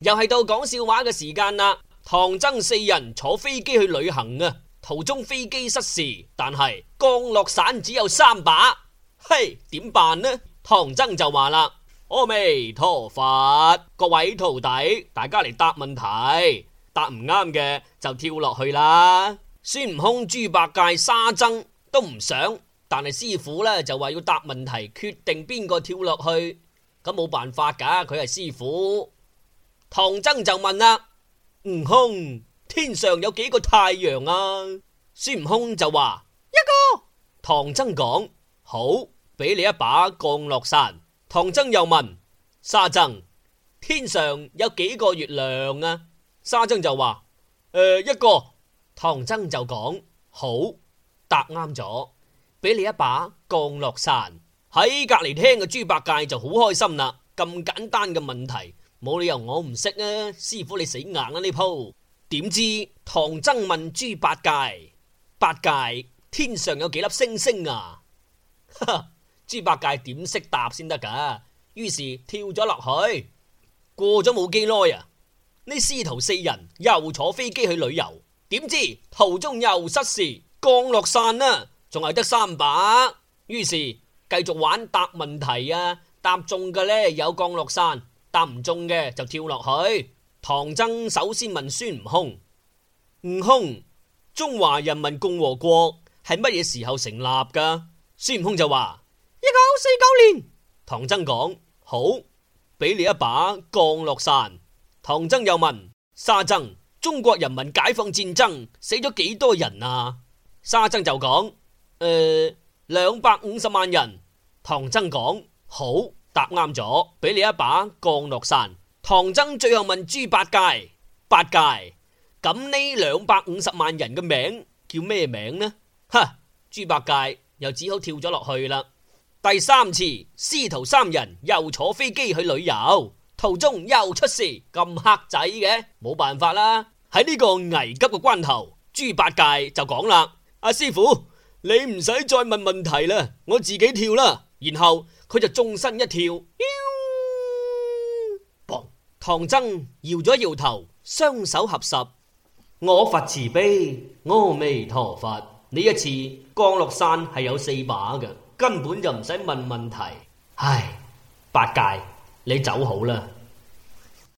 又係到講笑話嘅時間啦！唐僧四人坐飛機去旅行啊，途中飛機失事，但係降落傘只有三把，嘿，點辦呢？唐僧就話啦：阿彌陀佛，各位徒弟，大家嚟答問題，答唔啱嘅就跳落去啦！孫悟空、豬八戒、沙僧都唔想，但係師傅呢，就話要答問題，決定邊個跳落去，咁冇辦法噶，佢係師傅。唐僧就問啦、啊：，悟空，天上有幾個太陽啊？孫悟空就話一個。唐僧講好，俾你一把降落傘。唐僧又問沙僧：，天上有幾個月亮啊？沙僧就話：，誒、呃，一個。唐僧就講好，答啱咗，俾你一把降落傘。喺隔籬聽嘅豬八戒就好開心啦，咁簡單嘅問題。冇理由我唔識啊！師傅你死硬啦呢鋪。點知唐僧問豬八戒：八戒，天上有幾粒星星啊？豬八戒點識答先得噶？於是跳咗落去，過咗冇幾耐啊。呢師徒四人又坐飛機去旅遊，點知途中又失事，降落傘啦、啊，仲係得三把，於是繼續玩答問題啊，答中嘅呢，有降落傘。打唔中嘅就跳落去。唐僧首先問孫悟空：悟空，中華人民共和國係乜嘢時候成立噶？孫悟空就話：一九四九年。唐僧講：好，俾你一把降落傘。唐僧又問沙僧：中國人民解放戰爭死咗幾多人啊？沙僧就講：誒、呃，兩百五十萬人。唐僧講：好。答啱咗，俾你一把降落傘。唐僧最後問豬八戒：八戒，咁呢兩百五十萬人嘅名叫咩名呢？哈！豬八戒又只好跳咗落去啦。第三次，師徒三人又坐飛機去旅遊，途中又出事，咁黑仔嘅，冇辦法啦。喺呢個危急嘅關頭，豬八戒就講啦：阿、啊、師傅，你唔使再問問題啦，我自己跳啦。然後佢就縱身一跳，唐僧搖咗搖頭，雙手合十，我佛慈悲，阿彌陀佛，呢一次降落山係有四把嘅，根本就唔使問問題。唉，八戒，你走好啦。